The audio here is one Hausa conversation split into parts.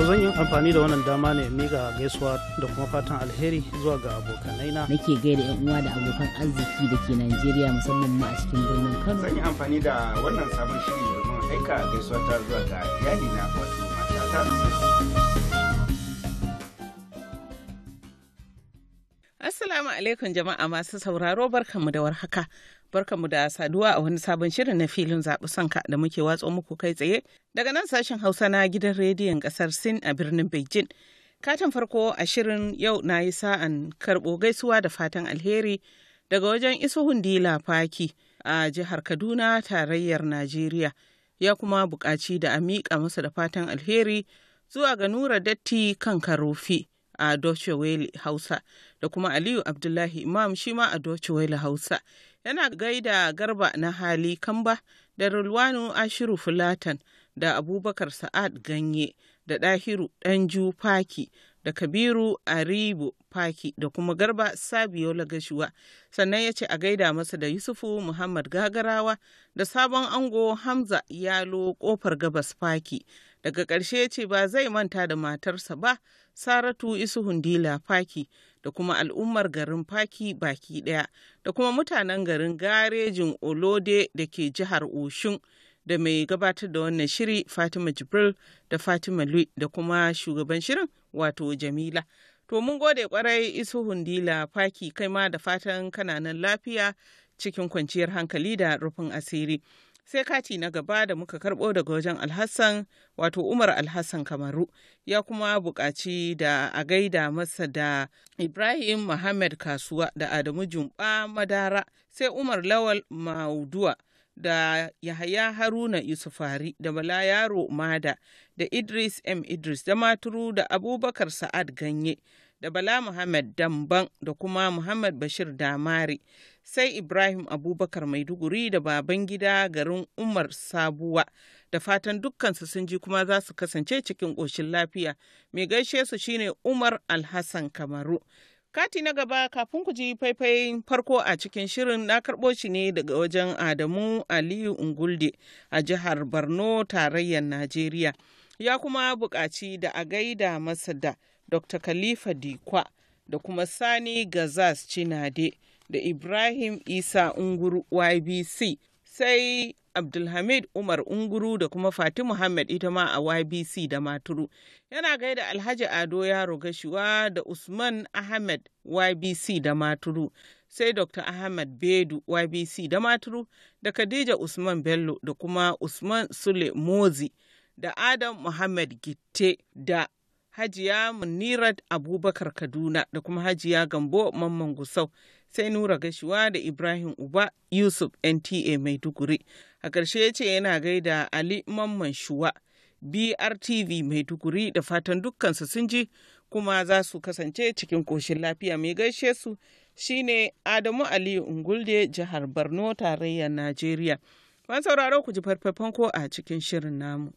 to zan yi amfani da wannan dama ne mi ga gaisuwa da kuma fatan alheri zuwa ga abokanai na nake gaida yan uwa da abokan arziki da ke Najeriya musamman ma a cikin birnin Kano zan yi amfani da wannan sabon shiri domin aika gaisuwa ta zuwa ga iyali na wato matata Assalamu alaikum jama'a masu sauraro barkanmu da warhaka mu da saduwa a wani sabon shirin na filin zaɓi sanka da muke watsa muku kai tsaye daga nan sashen hausa na gidan rediyon ƙasar sin a birnin beijing katin farko a shirin yau na yi sa'an karɓo gaisuwa da fatan alheri daga wajen isuhun dila faki a jihar kaduna tarayyar najeriya ya kuma buƙaci da a miƙa masa da fatan alheri zuwa ga nura datti kan karofi a Doce Hausa da kuma Aliyu Abdullahi Imam shima ma a Doce Hausa yana gaida garba na hali kamba da rulwanu ashiru fulatan da abubakar sa'ad ganye da ɗahiru ɗanju faki da kabiru aribu faki da kuma garba sabiyo lagashuwa sannan ya ce a gaida masa da yusufu muhammad gagarawa da sabon ango hamza yalo kofar gabas faki daga ƙarshe ya ce ba zai manta da matarsa ba saratu isu hundila faki da kuma al'ummar garin Faki baki daya da kuma mutanen garin garejin Olode da ke jihar Oshun da mai gabatar da wannan shiri Fatima Jibril da Fatima Lui da kuma shugaban shirin wato Jamila. To mun gode kwarai isu hundila Faki kai ma da fatan kananan lafiya cikin kwanciyar hankali da rufin asiri. sai kati na gaba da muka karɓo daga wajen alhassan wato umar alhassan kamaru ya kuma buƙaci da a gaida masa da ibrahim muhammad kasuwa da adamu jumba madara sai umar lawal mauduwa da yahaya haruna yusufari da bala yaro mada da idris m idris da maturu da abubakar sa'ad ganye da Bala Muhammad Damban da kuma Muhammad Bashir Damari sai Ibrahim Abubakar Maiduguri da baban gida garin Umar Sabuwa da fatan dukkansu sun ji kuma za su kasance cikin ƙoshin lafiya. Mai gaishe su shine Umar Alhassan Kamaru. Kati na gaba kafin ku ji faifayin farko a cikin shirin na karɓo shi ne daga wajen Adamu Aliyu Ungulde a jihar Borno tarayyar Najeriya. Ya kuma buƙaci da a gaida masa da dr khalifa dikwa da kuma sani gazas Chinade da ibrahim isa unguru ybc sai abdulhamid umar unguru da kuma fati muhammad ita ma a ybc da maturu yana gaida alhaji ado yaro gashiwa da usman ahmed ybc da maturu sai dr Ahmad bedu ybc da maturu da khadija usman bello da kuma usman sule mozi da adam muhammad gitte da Hajiya Munirat Abubakar Kaduna da kuma Hajiya Gambo Mamman Gusau sai Nura Gashuwa da Ibrahim Uba Yusuf NTA Maiduguri. A ƙarshe ya ce yana gaida Ali Mamman Shuwa BRTV Maiduguri da fatan dukkansu sun ji kuma za su kasance cikin koshin lafiya mai gaishe su shine Adamu Ali Ungulde jihar Borno tarayyar Najeriya. Ban sauraro ku ji farfafan ko a cikin shirin namu.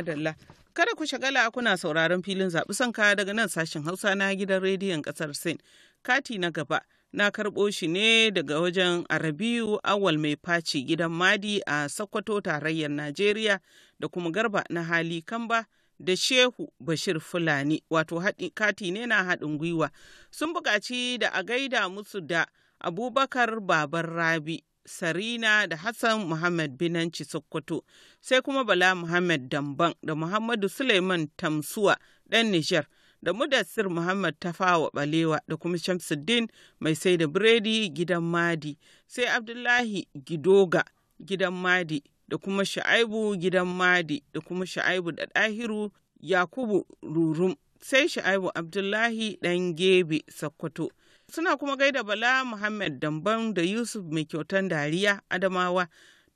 madalla. Kada ku shagala kuna sauraron filin zaɓi sanka daga nan sashen Hausa na gidan rediyon ƙasar Sin. Kati na gaba na karɓo shi ne daga wajen Arabiyu Awal mai faci gidan Madi a Sokoto tarayyar Najeriya da kuma Garba na hali Kamba. da Shehu Bashir Fulani wato kati ne na haɗin gwiwa sun buƙaci da a gaida musu da Abubakar Babar Rabi Sarina da Hassan Muhammad Binanci Sokoto, sai kuma Bala Muhammad Damban da Muhammadu Suleiman Tamsuwa ɗan Nijar da Mudassir Muhammad Tafawa Balewa da kuma Shamsuddin mai sai da biredi gidan Madi, sai Abdullahi Gidoga gidan Madi da kuma Sha'aibu gidan Madi da kuma Sha'aibu da Ɗahiru Yakubu Rurum sai Sha'aibu Abdullahi ɗan Gebe Sokoto. Suna kuma gaida Bala Muhammad Damban da Yusuf mai kyautan dariya Adamawa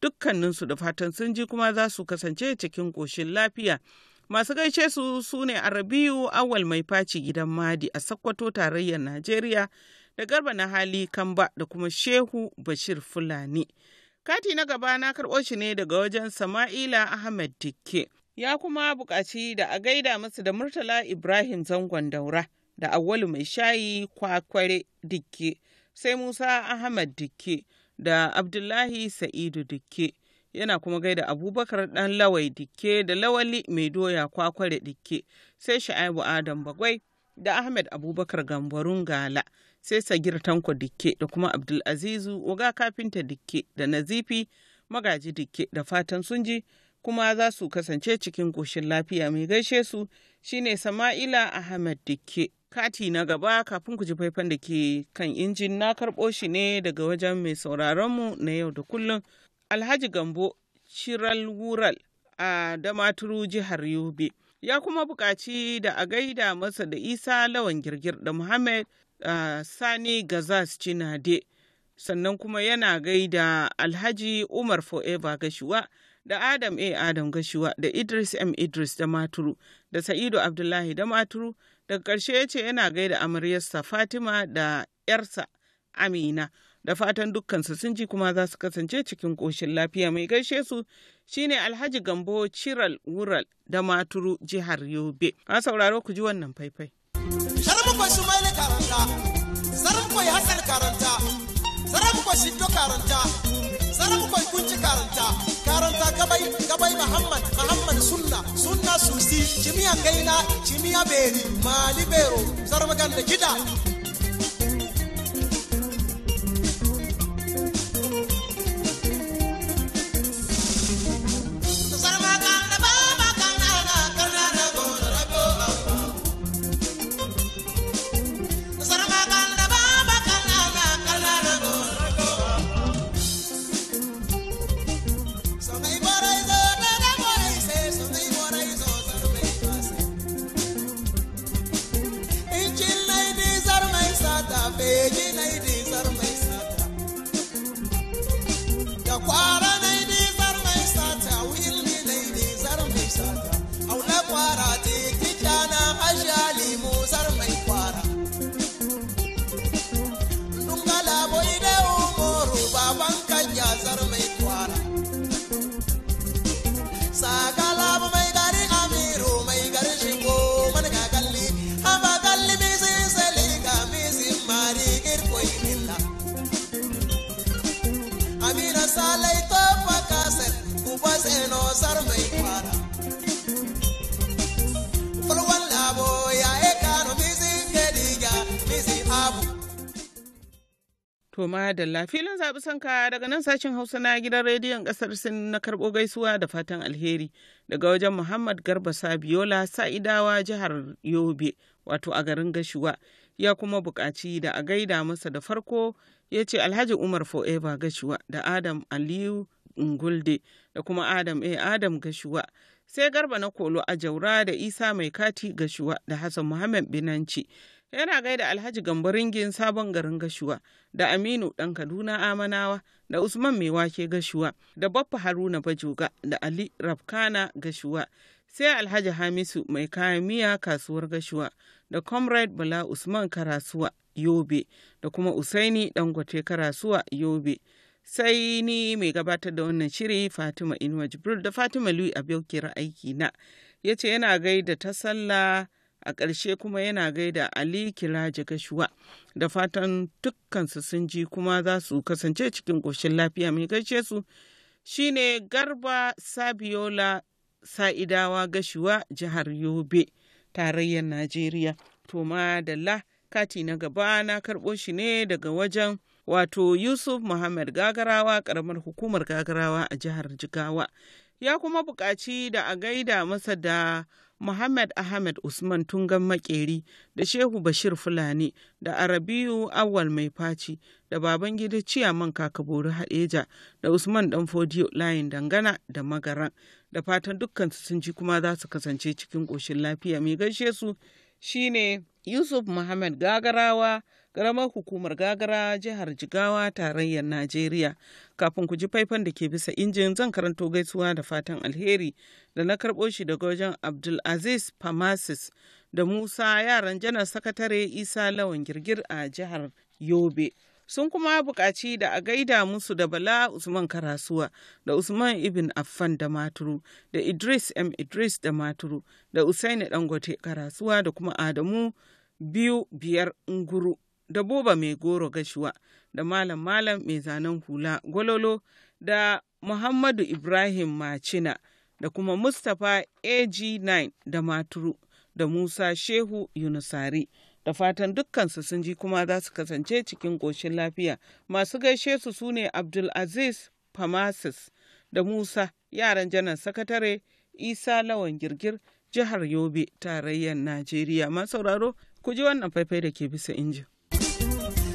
dukkaninsu da fatan sun ji kuma za su kasance cikin ƙoshin lafiya. Masu gaishe su su ne Arabiyu Awal mai faci gidan Madi a Sakkwato tarayyar Najeriya da Garba na hali Kamba da kuma Shehu Bashir Fulani. Kati na gaba na karɓo shi ne daga wajen Sama'ila Ahmed Dikke. Ya kuma buƙaci da a gaida masu da Murtala Ibrahim Zangon Daura da Awwalu mai shayi kwakware Dikke sai Musa Ahmad Dikke da Abdullahi Sa'idu Dikke yana kuma gaida Abubakar ɗan Lawai Dikke da Lawali mai doya kwakware Dikke sai Sha'ibu Adam Bagwai da Ahmed Abubakar Gambarun Gala sai Sagir Tanko Dikke da kuma Abdulazizu Oga Kafinta Dikke da Nazifi Magaji Dikke da fatan sun ji kuma za su kasance cikin koshin lafiya mai gaishe su shine Sama'ila Ahmed Dikke. kati na gaba kafin ku ji faifan da ke kan injin na karɓo shi ne daga wajen mai sauraronmu na yau da kullum alhaji gambo ciral wural a damaturu jihar yobe ya kuma buƙaci da a gaida masa da isa lawan girgir da muhammad sani gazas cinade sannan kuma yana gaida alhaji umar forever gashuwa da adam a adam gashuwa da idris m idris da maturu da sa'idu abdullahi da maturu daga ƙarshe ya ce yana gaida amaryarsa fatima da 'yarsa amina da fatan dukkansu sun ji kuma za su kasance cikin ƙoshin lafiya mai gaishe su shine alhaji gambo ciral wural da maturu jihar yobe a sauraro ku ji wannan faifai sharmu mai karanta ya hasar karanta saramu ko shiddo karanta saramu ko kunci karanta karanta gabai gabai muhammad muhammad sunna sunna susi Chimia gaina Chimia beri mali bero ganda To da filin zaɓi sanka daga nan sashen Hausa na gidan rediyon ƙasar Sin na karɓo gaisuwa da fatan alheri daga wajen Muhammad Garba Sabiola Sa'idawa jihar Yobe wato a garin Gashuwa ya kuma buƙaci da a gaida masa da farko ya ce Alhaji Umar Forever Gashuwa da Adam Aliyu Ngulde da kuma Adam A. Adam Gashuwa sai Garba na Kolo a Jaura da Isa Mai Kati Gashuwa da Hassan Muhammad Binanci. yana gaida alhaji gambo sabon garin gashuwa da aminu ɗan kaduna amanawa da usman mai wake gashuwa da baffa haruna bajoga da ali rafkana gashuwa sai alhaji hamisu mai kayan miya kasuwar gashuwa da comrade bala usman karasuwa yobe da kuma usaini dangote karasuwa yobe sai ni mai gabatar da wannan shiri fatima inuwa jibril da fatima lui a aiki na yace yana gaida ta sallah a ƙarshe kuma yana gaida ali kiraji gashuwa da fatan dukkansu sun ji kuma za su kasance cikin ƙoshin lafiya mai gaishe su shine garba sabiola sa'idawa gashuwa jihar yobe tarayyar najeriya to madalla kati na gaba na karɓo shi ne daga wajen wato yusuf muhammad gagarawa ƙaramar hukumar gagarawa a jihar jigawa ya kuma buƙaci da a gaida masa da Muhammad Ahmed Usman Tungan Makeri da Shehu Bashir Fulani da Arabiyu Awal Mai Faci da Babangida Ciyaman Kakabori Hadeja da Usman Danfodiyo Layin Dangana da Magaran da fatan dukkan sun ji kuma za su kasance cikin ƙoshin lafiya mai gaishe su shine Yusuf Muhammad Gagarawa karamar hukumar gagara jihar jigawa tarayyar najeriya kafin ku ji faifan da ke bisa injin zan karanto gaisuwa da fatan alheri da na karɓo shi daga wajen abdulaziz famasis da musa yaran janar sakatare isa lawan girgir a jihar yobe sun kuma buƙaci da a gaida musu da bala usman karasuwa da usman ibn affan da maturu da idris m idris da maturu da usaini dangote karasuwa da kuma adamu biyu biyar nguru da Buba Mai Goro Gashuwa da Malam Malam Mai Zanen Hula Gwalolo da Muhammadu Ibrahim Macina da kuma Mustapha AG9 da Maturu da Musa Shehu Yunusari. Da fatan dukkansu sun ji kuma za su kasance cikin ƙoshin lafiya. Masu gaishe su sune Abdulaziz Famasis da Musa yaran janar sakatare Isa Lawan Girgir jihar Yobe tarayyar Najeriya. Masauraro, ku ji wannan faifai da ke bisa injin.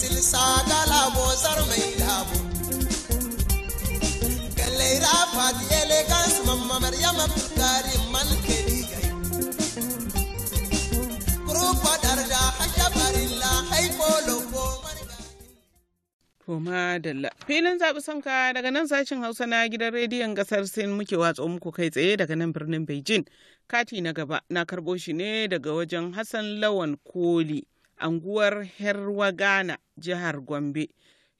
silsa mai labo zar mai dabo galaira fati elegance mamma maryam abdulkari man kedi gai darda hajja barilla hai polo Toma Dalla. Filin zaɓi sonka daga nan sashen Hausa na gidan rediyon ƙasar Sin muke watsa muku kai tsaye daga nan birnin Beijing. Kati na gaba na karɓo shi ne daga wajen Hassan Lawan Koli. anguwar herwagana jihar gombe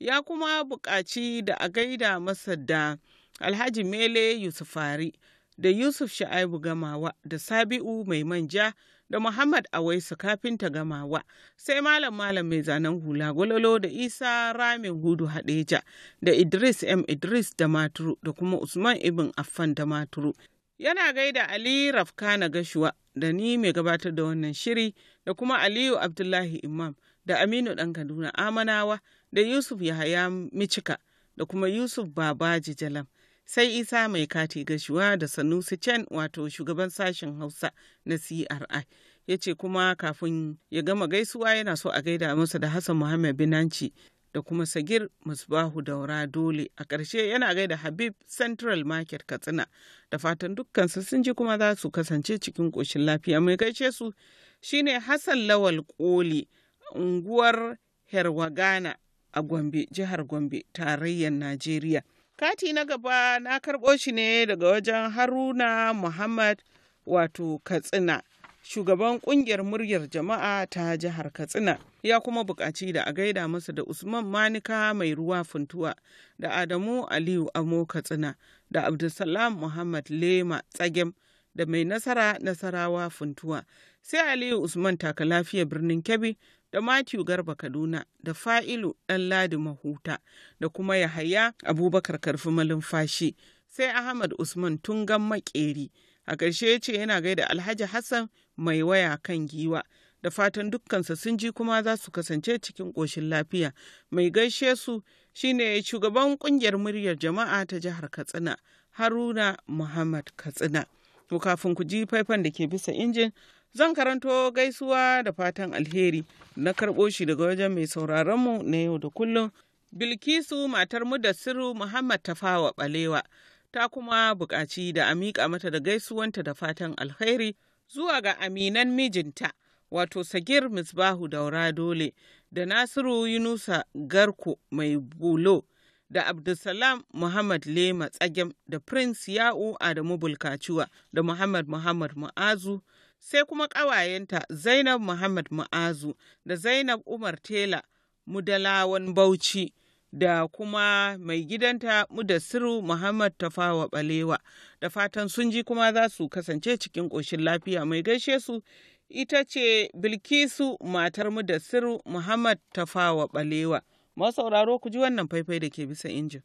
ya kuma buƙaci da a gaida masa da alhaji mele yusufari da yusuf sha'ibu gamawa da sabi'u mai manja da muhammad awaisu kafinta gamawa sai malam malam mai zanen hula gwalolo da isa ramin hudu hadeja da idris m idris da maturu da kuma usman ibn affan da maturu Yana gaida Ali Rafkana Gashuwa da ni mai gabatar da wannan shiri da kuma Aliyu Abdullahi Imam da Aminu Ɗan Kaduna Amanawa da Yusuf Yahaya Micika da kuma Yusuf Babaji Jalam. Sai Isa mai kati gashuwa da Sanusi Chen wato shugaban sashen Hausa na CRI. Ya ce kuma kafin ya gama gaisuwa yana so a gaida masa da Hassan Muhammad Binanci da kuma Sagir Musbahu Daura Dole. A ƙarshe yana gaida Habib Central Market Katsina da fatan dukkansu sun ji kuma za su kasance cikin ƙoshin lafiya. Mai gaishe su shine Hassan Lawal Koli, unguwar Herwagana a Gombe, jihar Gombe, tarayyar Najeriya. Kati na gaba na karɓo shi ne daga wajen Haruna Muhammad wato Katsina, shugaban ƙungiyar muryar jama'a ta jihar Katsina. ya kuma buƙaci da a gaida masa da Usman Manika mai ruwa funtuwa da Adamu Aliyu Amo Katsina da Abdulsalam Muhammad Lema Tsagem da mai nasara nasarawa funtuwa sai Aliyu Usman taka lafiya birnin Kebbi da Matthew Garba Kaduna da Fa'ilu ɗan Ladi Mahuta da kuma Yahaya Abubakar Karfi Malumfashi sai Ahmad Usman Tungan Makeri a ƙarshe ya ce yana gaida Alhaji Hassan mai waya kan giwa da fatan dukkansa sun ji kuma za su kasance cikin ƙoshin lafiya mai gaishe su shine shugaban ƙungiyar muryar jama'a ta jihar katsina haruna muhammad katsina to kafin ku ji faifan da ke bisa injin zan karanto gaisuwa da fatan alheri na karɓo shi daga wajen mai sauraron mu na yau da kullum bilkisu matar mudassiru muhammad tafawa balewa ta kuma buƙaci da a miƙa mata da gaisuwanta da fatan alheri zuwa ga aminan mijinta wato sagir misbahu daura dole da nasiru yunusa garko mai bulo da abdulsalam muhammad lema tsagem da prince ya'u adamu bulkaciwa da muhammad muhammad Ma'azu sai kuma ƙawayenta zainab muhammad Ma'azu da zainab umar tela mudalawan bauchi da kuma mai gidanta mudassiru Muhammad Tafawa Balewa da fatan sun ji kuma za su kasance cikin ƙoshin lafiya mai gaishe su ita ce Bilkisu matar mu da siru Muhammad Tafawa Balewa. Masauraro ku ji wannan faifai da ke bisa injin.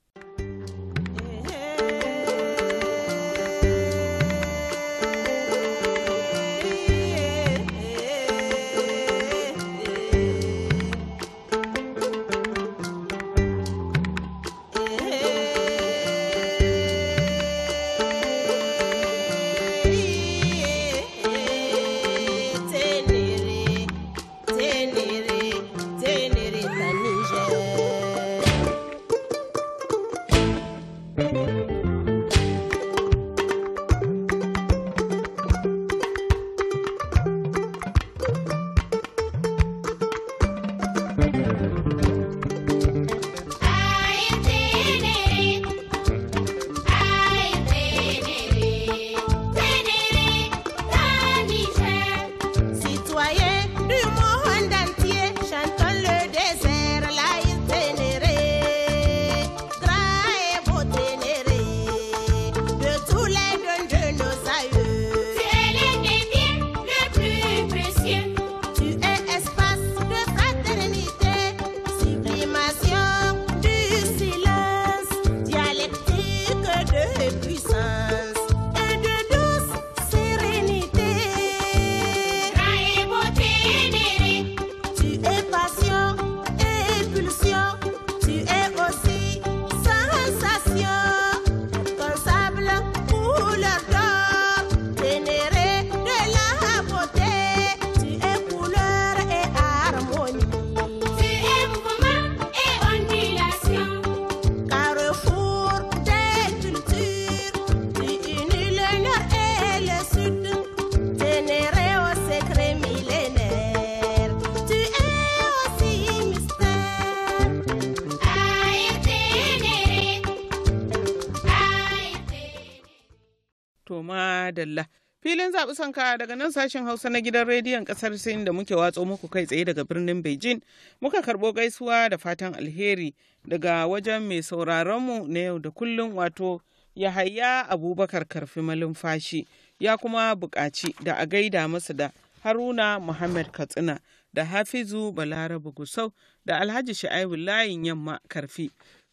zaɓi sanka daga nan sashen Hausa na gidan rediyon ƙasar Sin da muke watso muku kai tsaye daga birnin Beijing. Muka karɓo gaisuwa da fatan alheri daga wajen mai sauraronmu na yau da kullun wato Yahaya Abubakar Karfi fashi ya kuma bukaci da a gaida masa da Haruna Muhammad Katsina da Hafizu balarabu Gusau da Alhaji Sha'ibu Layin Yamma Karfi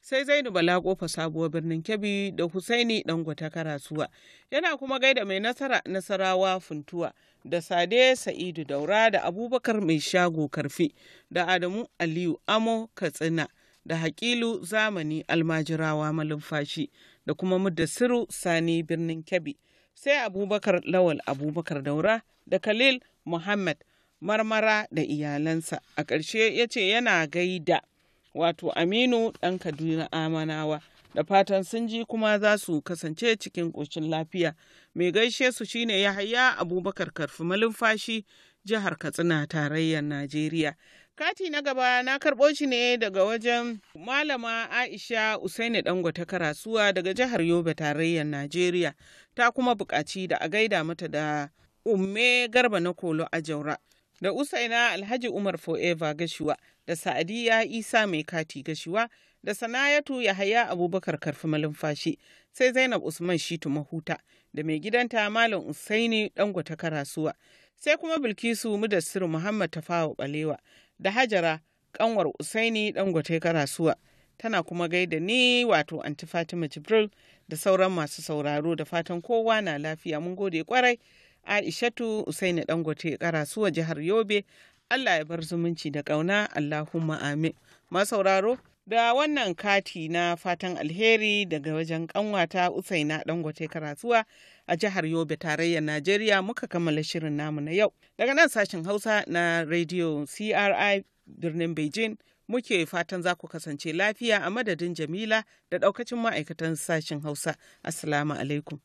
sai zainu bala kofa sabuwar birnin kebbi da husaini dangote karasuwa yana kuma gaida mai nasara nasarawa funtuwa da sade sa'idu daura da abubakar mai shago karfi da adamu aliyu amo katsina da hakilu zamani almajirawa malumfashi da kuma muddasiru sani birnin kebbi sai abubakar lawal abubakar daura da khalil muhammad marmara da iyalansa a ƙarshe ya ce yana gaida wato Aminu ɗan Kaduna Amanawa. Da fatan sun ji kuma za su kasance cikin ƙoshin lafiya. Mai gaishe su shine Yahaya Abubakar Karfi Malumfashi jihar Katsina tarayyar Najeriya. Kati na gaba na karɓo shi ne daga wajen Malama Aisha Usaini Dango ta karasuwa daga jihar Yobe tarayyar Najeriya ta kuma buƙaci da a gaida mata da Umme Garba na Kolo a Jaura. da usaina alhaji umar forever gashiwa da sa'adiya isa mai kati gashiwa da sanayatu yahaya abubakar karfi malumfashi sai zainab usman shitu mahuta da mai gidanta malam usaini dangwata karasuwa sai kuma bilkisu mudassir muhammad tafawa balewa da hajara kanwar usaini dangwata karasuwa tana kuma gaida ni wato anti fatima jibril da sauran masu sauraro da fatan kowa na lafiya mun gode kwarai Aishatu Usaini Dangote Karasuwa jihar Yobe Allah ya bar zumunci da ƙauna Allahumma amin. Masauraro da wannan kati na fatan alheri daga wajen kanwata Usaina Dangote Karasuwa a jihar Yobe tarayyar Najeriya muka kammala shirin namu na yau. Daga nan sashen Hausa na Radio CRI birnin Beijing muke fatan za ku kasance lafiya a madadin Jamila da ɗaukacin ma'aikatan sashen Hausa. Assalamu alaikum.